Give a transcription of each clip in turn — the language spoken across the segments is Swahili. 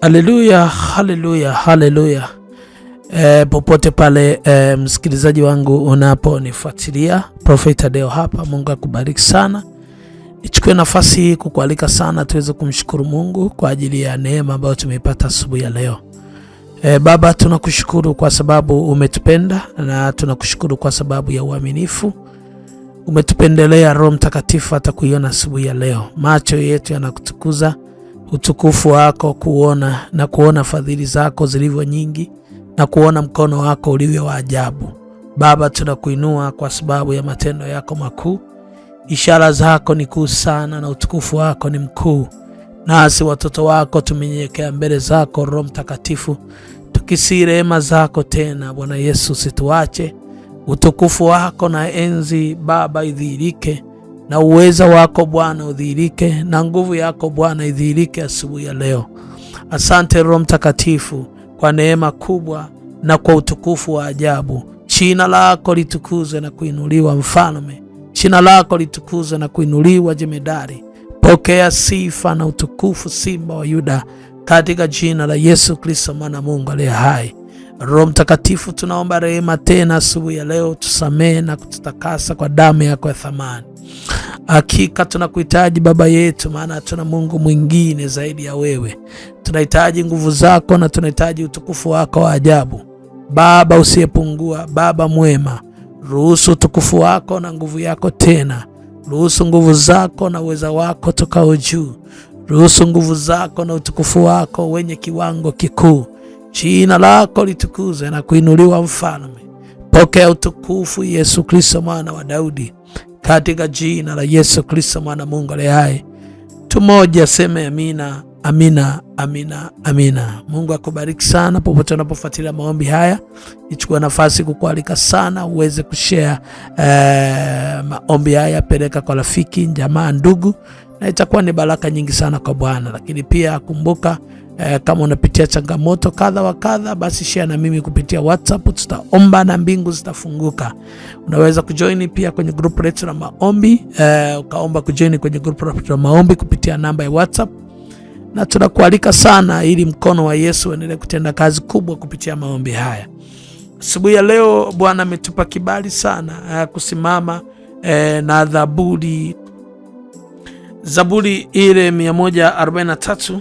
Haleluya, haleluya, haleluya. E, eh, popote pale e, msikilizaji wangu unaponifuatilia, Profeta Deo hapa. Mungu akubariki sana. Nichukue nafasi hii kukualika sana tuweze kumshukuru Mungu kwa ajili ya neema ambayo tumeipata asubuhi ya leo. E, Baba tunakushukuru kwa sababu umetupenda na tunakushukuru kwa sababu ya uaminifu. Umetupendelea, Roho Mtakatifu atakuiona asubuhi ya leo. Macho yetu yanakutukuza utukufu wako kuona na kuona fadhili zako zilivyo nyingi na kuona mkono wako ulivyo wa ajabu. Baba, tunakuinua kwa sababu ya matendo yako makuu. Ishara zako ni kuu sana na utukufu wako ni mkuu, nasi watoto wako tumenyenyekea mbele zako, Roho Mtakatifu, tukisii rehema zako tena. Bwana Yesu, usituache. Utukufu wako na enzi Baba idhihirike na uweza wako Bwana udhihirike na nguvu yako Bwana idhihirike asubuhi ya leo. Asante Roho Mtakatifu kwa neema kubwa na kwa utukufu wa ajabu. Jina lako litukuzwe na kuinuliwa, Mfalme. Jina lako litukuzwe na kuinuliwa, Jemedari. Pokea sifa na utukufu, Simba wa Yuda, katika jina la Yesu Kristo, mwana Mungu aliye hai. Roho Mtakatifu, tunaomba rehema tena asubuhi ya leo, tusamehe na kututakasa kwa damu yako ya thamani. Hakika tunakuhitaji Baba yetu, maana hatuna Mungu mwingine zaidi ya wewe. Tunahitaji nguvu zako na tunahitaji utukufu wako wa ajabu, Baba usiyepungua, Baba mwema. Ruhusu utukufu wako na nguvu yako tena, ruhusu nguvu zako na uweza wako tokao juu, ruhusu nguvu zako na utukufu wako wenye kiwango kikuu. Jina lako litukuzwe na kuinuliwa, Mfalme. Pokea utukufu, Yesu Kristo, mwana wa Daudi katika jina la Yesu Kristo mwana Mungu aliye hai. Tumoja seme amina, amina, amina, amina. Mungu akubariki sana popote unapofuatilia maombi haya. ichukua nafasi kukualika sana uweze kushare eh, maombi haya, peleka kwa rafiki, jamaa, ndugu, na itakuwa ni baraka nyingi sana kwa Bwana. Lakini pia kumbuka eh, kama unapitia changamoto kadha wa kadha, basi share na mimi kupitia WhatsApp. Tutaomba na mbingu zitafunguka. Unaweza kujoini pia kwenye grupu letu la maombi eh, ukaomba kujoini kwenye grupu la maombi kupitia namba ya WhatsApp, na tunakualika sana ili mkono wa Yesu uendelee kutenda kazi kubwa kupitia maombi haya. Asubuhi ya leo Bwana ametupa kibali sana eh, kusimama eh, na zaburi zaburi ile 143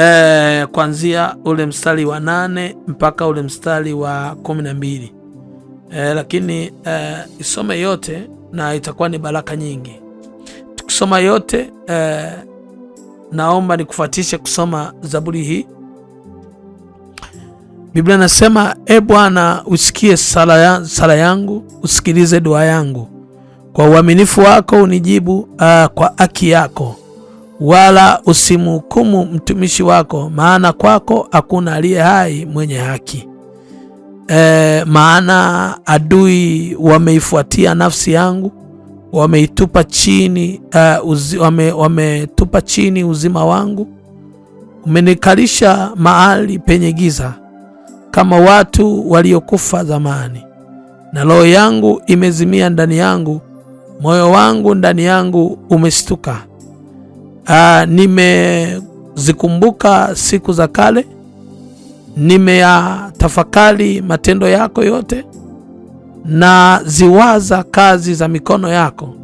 e, kuanzia ule mstari wa nane mpaka ule mstari wa kumi na mbili e, lakini e, isome yote na itakuwa ni baraka nyingi tukisoma yote e, naomba nikufuatishe kusoma Zaburi hii. Biblia nasema, e Bwana, usikie sala, sala yangu, usikilize dua yangu, kwa uaminifu wako unijibu, uh, kwa haki yako wala usimhukumu mtumishi wako, maana kwako hakuna aliye hai mwenye haki. E, maana adui wameifuatia nafsi yangu, wameitupa chini, uh, wametupa wame, chini uzima wangu, umenikalisha mahali penye giza kama watu waliokufa zamani, na roho yangu imezimia ndani yangu, moyo wangu ndani yangu umeshtuka. Ah, nimezikumbuka siku za kale, nimeyatafakari matendo yako yote na ziwaza kazi za mikono yako,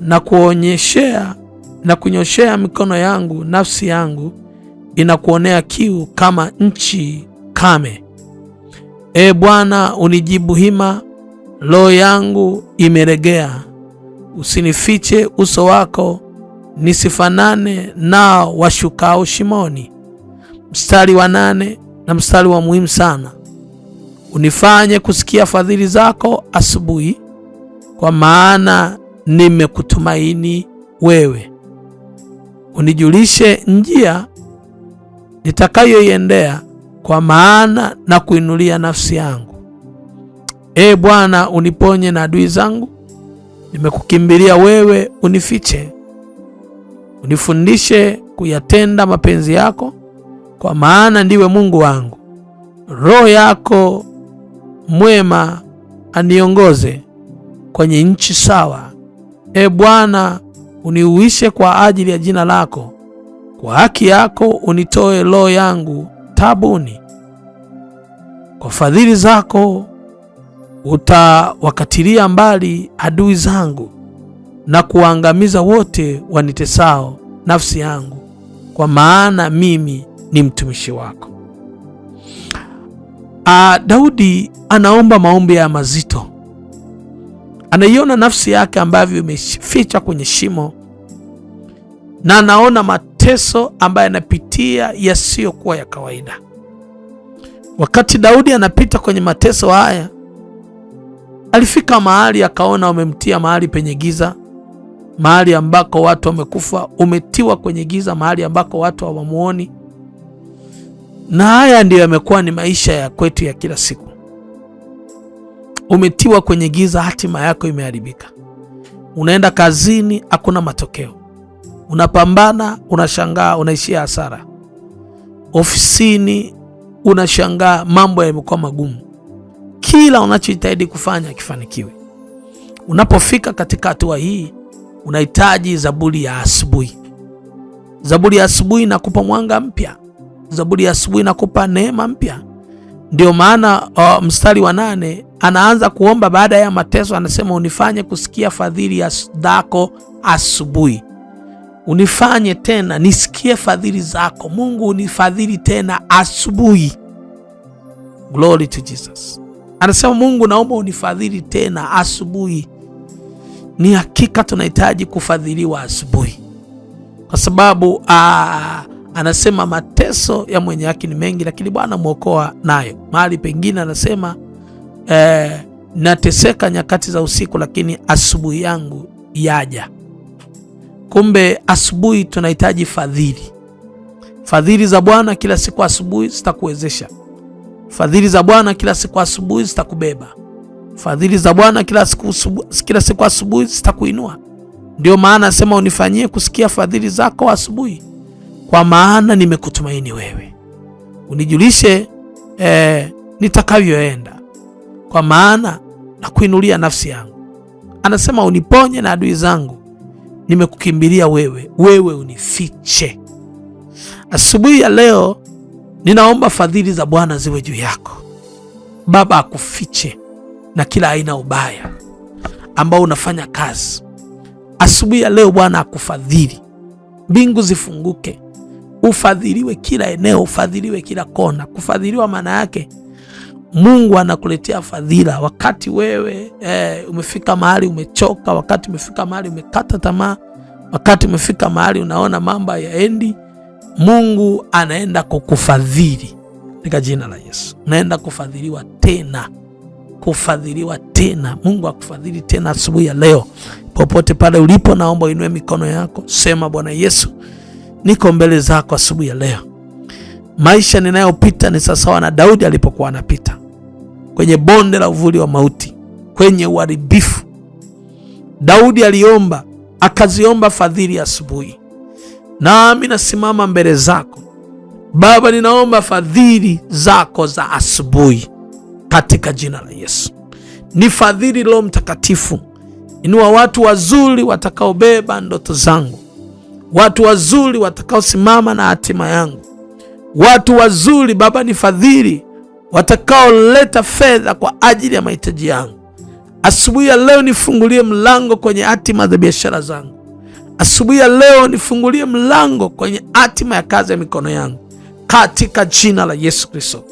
na kuonyeshea na kunyoshea mikono yangu. Nafsi yangu inakuonea kiu kama nchi kame. E Bwana, unijibu hima, roho yangu imeregea. Usinifiche uso wako nisifanane nao washukao shimoni. Mstari wa nane na mstari wa muhimu sana, unifanye kusikia fadhili zako asubuhi, kwa maana nimekutumaini wewe. Unijulishe njia nitakayoiendea, kwa maana na kuinulia nafsi yangu. Ee Bwana, uniponye na adui zangu, nimekukimbilia wewe, unifiche unifundishe kuyatenda mapenzi yako, kwa maana ndiwe Mungu wangu. Roho yako mwema aniongoze kwenye nchi sawa. E Bwana, uniuishe kwa ajili ya jina lako, kwa haki yako unitoe roho yangu tabuni. Kwa fadhili zako utawakatilia mbali adui zangu, na kuwaangamiza wote wanitesao nafsi yangu, kwa maana mimi ni mtumishi wako. A, ah, Daudi anaomba maombi ya mazito. Anaiona nafsi yake ambavyo imeficha kwenye shimo, na anaona mateso ambayo anapitia yasiyokuwa ya kawaida. Wakati Daudi anapita kwenye mateso haya, alifika mahali akaona wamemtia mahali penye giza, mahali ambako watu wamekufa, umetiwa kwenye giza, mahali ambako watu hawamuoni. Na haya ndiyo yamekuwa ni maisha ya kwetu ya kila siku. Umetiwa kwenye giza, hatima yako imeharibika. Unaenda kazini, hakuna matokeo. Unapambana, unashangaa unaishia hasara. Ofisini unashangaa mambo yamekuwa magumu, kila unachojitahidi kufanya kifanikiwe. Unapofika katika hatua hii unahitaji zaburi ya asubuhi. Zaburi ya asubuhi inakupa mwanga mpya, zaburi ya asubuhi inakupa neema mpya. Ndio maana uh, mstari wa nane anaanza kuomba baada ya mateso, anasema unifanye kusikia fadhili zako asubuhi, unifanye tena nisikie fadhili zako. Mungu unifadhili tena asubuhi. Glory to Jesus. Anasema Mungu, naomba unifadhili tena asubuhi ni hakika tunahitaji kufadhiliwa asubuhi, kwa sababu aa, ah, anasema mateso ya mwenye haki ni mengi, lakini Bwana mwokoa nayo. Mahali pengine anasema eh, nateseka nyakati za usiku, lakini asubuhi yangu yaja. Kumbe asubuhi tunahitaji fadhili. Fadhili za Bwana kila siku asubuhi zitakuwezesha. Fadhili za Bwana kila siku asubuhi zitakubeba. Fadhili za Bwana kila siku subu, kila siku asubuhi zitakuinua. Ndio maana asema unifanyie kusikia fadhili zako asubuhi, kwa maana nimekutumaini wewe. Unijulishe eh, nitakavyoenda, kwa maana nakuinulia nafsi yangu. Anasema uniponye na adui zangu, nimekukimbilia wewe, wewe unifiche. Asubuhi ya leo ninaomba fadhili za Bwana ziwe juu yako. Baba akufiche na kila aina ubaya ambao unafanya kazi. Asubuhi ya leo Bwana akufadhili, mbingu zifunguke, ufadhiliwe kila eneo, ufadhiliwe kila kona. Kufadhiliwa maana yake Mungu anakuletea fadhila wakati wewe eh, umefika mahali umechoka, wakati umefika mahali umekata tamaa, wakati umefika mahali unaona mambo hayaendi, Mungu anaenda kukufadhili katika jina la Yesu. Unaenda kufadhiliwa tena kufadhiliwa tena. Mungu akufadhili tena asubuhi ya leo. Popote pale ulipo, naomba uinue mikono yako, sema: Bwana Yesu, niko mbele zako asubuhi ya leo. Maisha ninayopita ni sawasawa na Daudi alipokuwa anapita kwenye bonde la uvuli wa mauti, kwenye uharibifu. Daudi aliomba, akaziomba fadhili asubuhi. Nami nasimama mbele zako Baba, ninaomba fadhili zako za asubuhi katika jina la Yesu. Ni fadhili Roho Mtakatifu, inua watu wazuri watakaobeba ndoto zangu, watu wazuri watakaosimama na hatima yangu, watu wazuri Baba ni fadhili watakaoleta fedha kwa ajili ya mahitaji yangu. Asubuhi ya leo nifungulie mlango kwenye hatima za biashara zangu. Asubuhi ya leo nifungulie mlango kwenye hatima ya kazi ya mikono yangu katika jina la Yesu Kristo.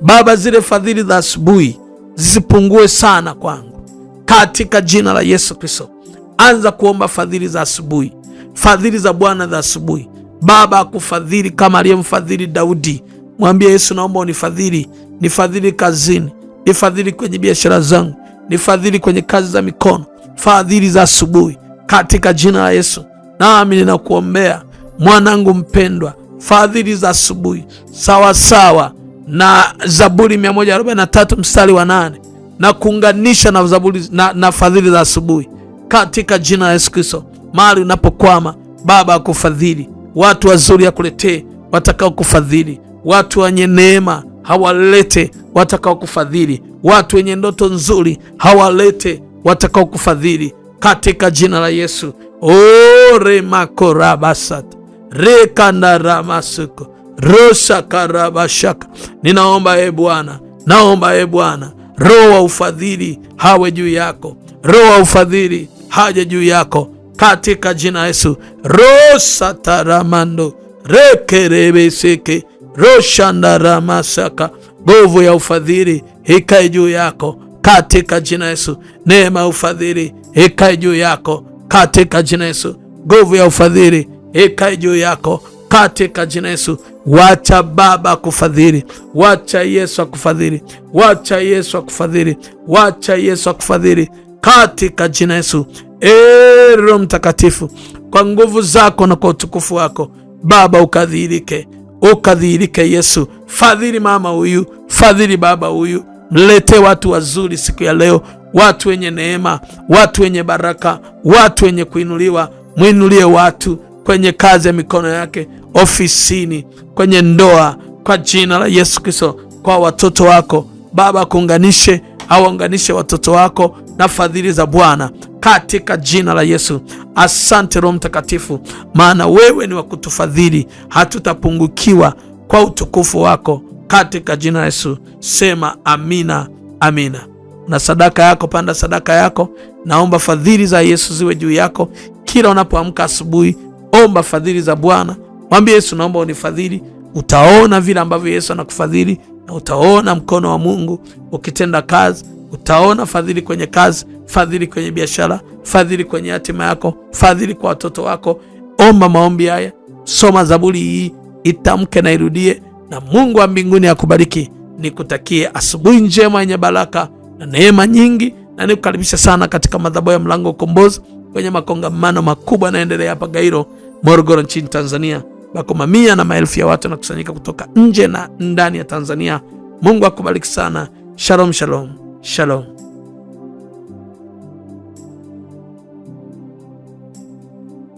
Baba, zile fadhili za asubuhi zisipungue sana kwangu, katika jina la Yesu Kristo. Anza kuomba fadhili za asubuhi, fadhili za Bwana za asubuhi. Baba akufadhili kama aliyemfadhili Daudi. Mwambie Yesu, naomba unifadhili, nifadhili kazini, nifadhili kwenye biashara zangu, nifadhili kwenye kazi za mikono, fadhili za asubuhi katika jina la Yesu. Nami ninakuombea mwanangu mpendwa, fadhili za asubuhi sawasawa na Zaburi 143 mstari wa nane na kuunganisha na Zaburi na, na fadhili za asubuhi katika jina la Yesu Kristo. Mahali unapokwama Baba akufadhili, watu wazuri akuletee, watakao kufadhili, watu wenye neema hawalete, watakao kufadhili, watu wenye ndoto nzuri hawalete, watakao kufadhili katika jina la Yesu. ore makorabasat rekandara masuko rosa karabashaka. Ninaomba e Bwana, naomba e Bwana, roho wa ufadhili hawe juu yako, roho wa ufadhili haje juu yako katika jina Yesu. rosa taramando rekerebeseke roshandaramasaka, nguvu ya ufadhili ikae juu yako katika jina Yesu. Neema ya ufadhili ikae juu yako katika jina Yesu. Nguvu ya ufadhili ikae juu yako katika jina Yesu. Wacha Baba akufadhili, wacha Yesu akufadhili, wacha Yesu akufadhili, wacha Yesu akufadhili katika jina Yesu. Ee Roho Mtakatifu, kwa nguvu zako na kwa utukufu wako Baba, ukadhihirike, ukadhihirike Yesu. Fadhili mama huyu, fadhili baba huyu, mlete watu wazuri siku ya leo, watu wenye neema, watu wenye baraka, watu wenye kuinuliwa. Mwinulie watu kwenye kazi ya mikono yake, ofisini, kwenye ndoa, kwa jina la Yesu Kristo, kwa watoto wako Baba, akuunganishe awaunganishe watoto wako na fadhili za Bwana katika jina la Yesu. Asante Roho Mtakatifu, maana wewe ni wa kutufadhili, hatutapungukiwa kwa utukufu wako katika jina la Yesu. Sema amina, amina. Na sadaka yako, panda sadaka yako, naomba fadhili za Yesu ziwe juu yako kila unapoamka asubuhi. Omba fadhili za Bwana Mwambie Yesu, naomba unifadhili. Utaona vile ambavyo Yesu anakufadhili na utaona mkono wa Mungu ukitenda kazi. Utaona fadhili kwenye kazi, fadhili kwenye biashara, fadhili kwenye hatima yako, fadhili kwa watoto wako. Omba maombi haya, soma Zaburi hii, itamke na irudie, na Mungu wa mbinguni akubariki. Nikutakie asubuhi njema yenye baraka na neema nyingi, na nikukaribisha sana katika madhabahu ya Mlango wa Ukombozi kwenye makongamano makubwa yanayoendelea hapa Gairo, Morogoro nchini Tanzania bako mamia na maelfu ya watu wanakusanyika kutoka nje na ndani ya Tanzania. Mungu akubariki sana. Shalom, shalom, shalom.